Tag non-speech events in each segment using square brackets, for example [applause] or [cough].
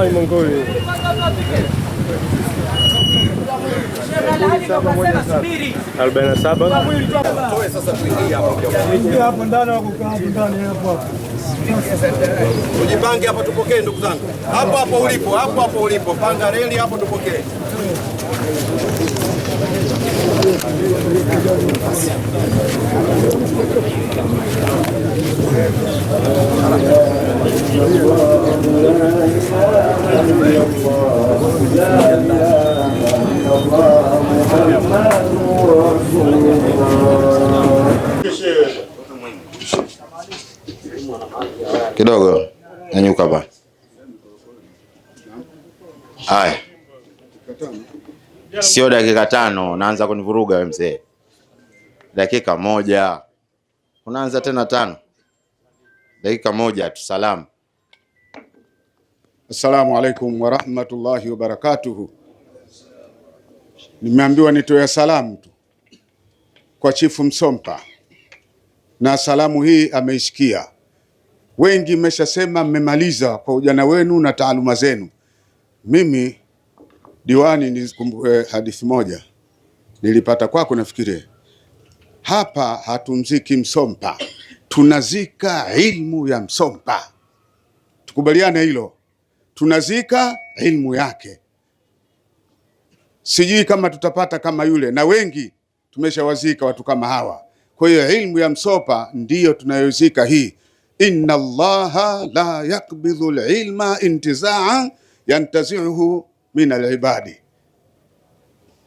Hai Mongolia. Arobaini Albena saba. Ujipange hapa tupokee ndugu zangu. Hapo hapo ulipo, hapo hapo ulipo. Panga reli hapo tupokee kidogo nyanyuka hapa. Haya, sio dakika tano naanza kunivuruga wewe mzee. Dakika moja unaanza tena tano, dakika moja tu salamu Assalamu alaikum warahmatullahi wabarakatuhu. Nimeambiwa nitoe salamu tu kwa Chifu Msompa, na salamu hii ameisikia. Wengi mmeshasema mmemaliza kwa ujana wenu na taaluma zenu. Mimi diwani, nikumbuke eh, hadithi moja nilipata kwako, nafikiri hapa hatumziki Msompa, tunazika ilmu ya Msompa. Tukubaliane hilo tunazika ilmu yake. Sijui kama tutapata kama yule, na wengi tumeshawazika watu kama hawa. Kwa hiyo ilmu ya Msopa ndiyo tunayozika hii. Inna Allaha la yakbidhu lilma intizaa yantaziuhu min alibadi.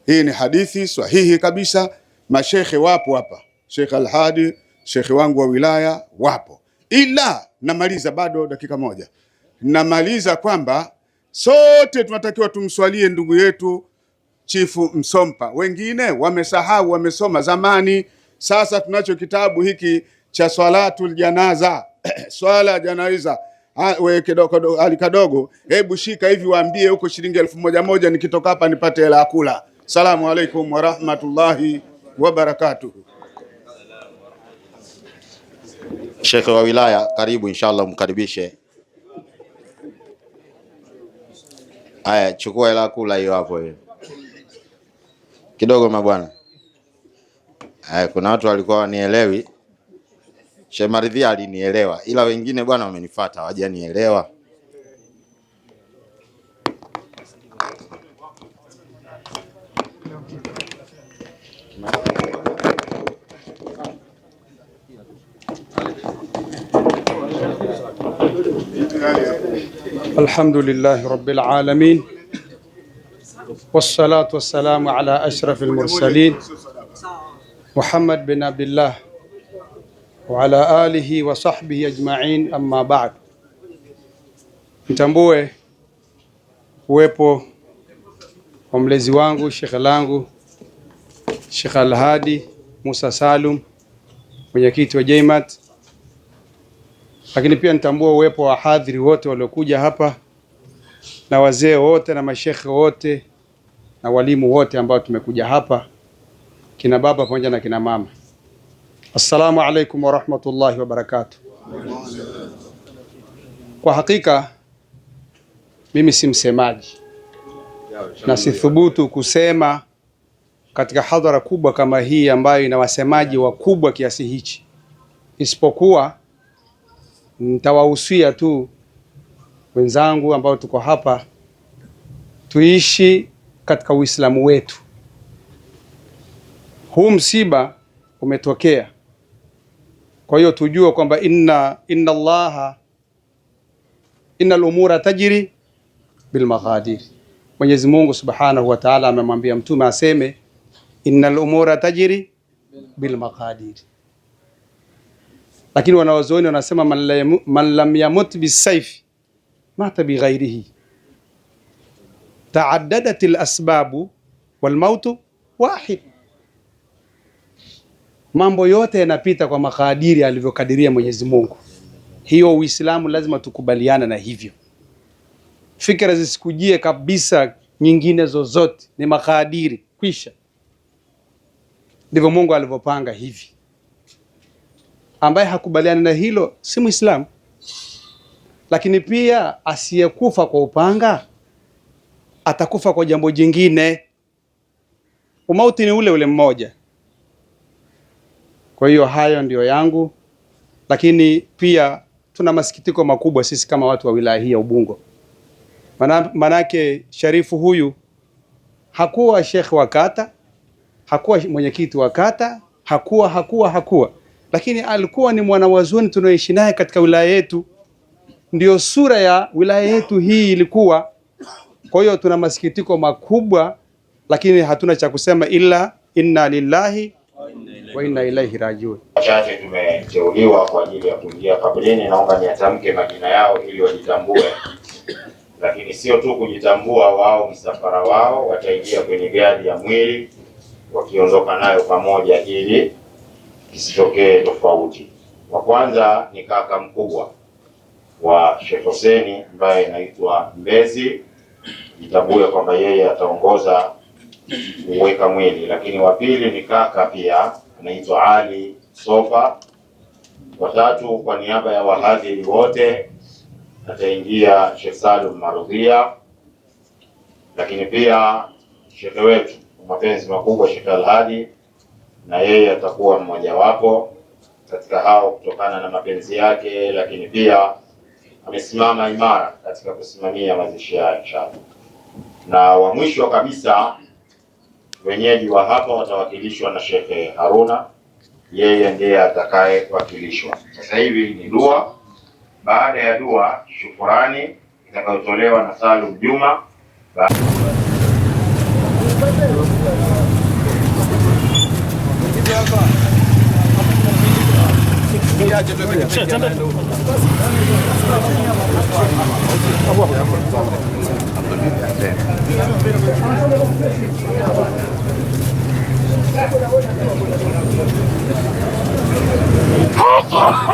Hii ni hadithi sahihi kabisa. Mashekhe wapo hapa, Shekh Alhadi, shekhe wangu wa wilaya wapo, ila namaliza bado dakika moja namaliza kwamba sote tunatakiwa tumswalie ndugu yetu Chifu Msompa. Wengine wamesahau, wamesoma zamani. Sasa tunacho kitabu hiki cha swalatul janaza, [clears throat] swala janaza ah, ali alikadogo. Hebu shika hivi, waambie huko shilingi elfu moja moja, nikitoka hapa nipate hela ya kula. Salamu alaikum warahmatullahi wabarakatuhu. Shekhe wa wilaya, karibu, inshallah mkaribishe. Aya, chukua hela kula hiyo hapo hiyo. Kidogo mabwana. Aya, kuna watu walikuwa wanielewi. Shemaridhia alinielewa ila wengine bwana wamenifuata hawajanielewa. الحمد لله رب العالمين والصلاة والسلام على أشرف المرسلين محمد بن عبد الله وعلى آله وصحبه أجمعين أما بعد نتنبوه ويبو wa وانغو شيخ shekhe شيخ الهادي موسى سالم ونيكيت وجيمات lakini pia nitambua uwepo wa hadhiri wote waliokuja hapa na wazee wote na mashekhe wote na walimu wote ambao tumekuja hapa, kina baba pamoja na kina mama. Assalamu alaikum warahmatullahi wabarakatuh. Kwa hakika mimi si msemaji na sithubutu kusema katika hadhara kubwa kama hii ambayo ina wasemaji wakubwa kiasi hichi, isipokuwa nitawahusia tu wenzangu ambao tuko hapa, tuishi katika Uislamu wetu. Huu msiba umetokea, kwa hiyo tujue kwamba inna inna Allaha inna al-umura tajri bil maghadir. Mwenyezi Mungu Subhanahu wa Ta'ala amemwambia mtume aseme innal umura tajri bil maghadir lakini wanawazoni wanasema man lam yamut bisaifi mata bighairihi taaddadat lasbabu walmautu wahid. Mambo yote yanapita kwa makadiri alivyokadiria Mwenyezi Mungu. Hiyo Uislamu lazima tukubaliana na hivyo, fikra zisikujie kabisa nyingine zozote, ni makadiri kwisha. Ndivyo Mungu alivyopanga hivi ambaye hakubaliani na hilo si Muislamu. Lakini pia asiyekufa kwa upanga atakufa kwa jambo jingine, umauti ni ule ule mmoja. Kwa hiyo hayo ndiyo yangu, lakini pia tuna masikitiko makubwa sisi kama watu wa wilaya hii ya Ubungo. Manake Sharifu huyu hakuwa shekhe wa kata, hakuwa mwenyekiti wa kata, hakuwa hakuwa hakuwa lakini alikuwa ni mwanawazuoni tunaoishi naye katika wilaya yetu, ndio sura ya wilaya yetu hii ilikuwa. Kwa hiyo tuna masikitiko makubwa, lakini hatuna cha kusema ila inna lillahi wa inna ilaihi rajiun. Wachache tumeteuliwa kwa ajili ya kuingia kabrini, naomba niatamke majina yao ili wajitambue lakini sio tu kujitambua wao, msafara wao wataingia kwenye gari ya mwili wakiondoka nayo pamoja ili isitokee tofauti. Wa kwanza ni kaka mkubwa wa Sheikh Hussein ambaye anaitwa Mbezi, jitambue kwamba yeye ataongoza kuweka mwili, lakini wa pili ni kaka pia anaitwa Ali Sofa, watatu kwa niaba ya wahadhiri wote ataingia Sheikh Salum Marudhia, lakini pia shekhe wetu mapenzi makubwa Sheikh Alhadi na yeye atakuwa mmojawapo katika hao kutokana na mapenzi yake, lakini pia amesimama imara katika kusimamia mazishi ya cha Na wa mwisho kabisa, wenyeji wa hapa watawakilishwa na Shekhe Haruna, yeye ndiye atakayewakilishwa. Sasa hivi ni dua. Baada ya dua, shukurani itakayotolewa na Salum Juma. 真的？真的？对。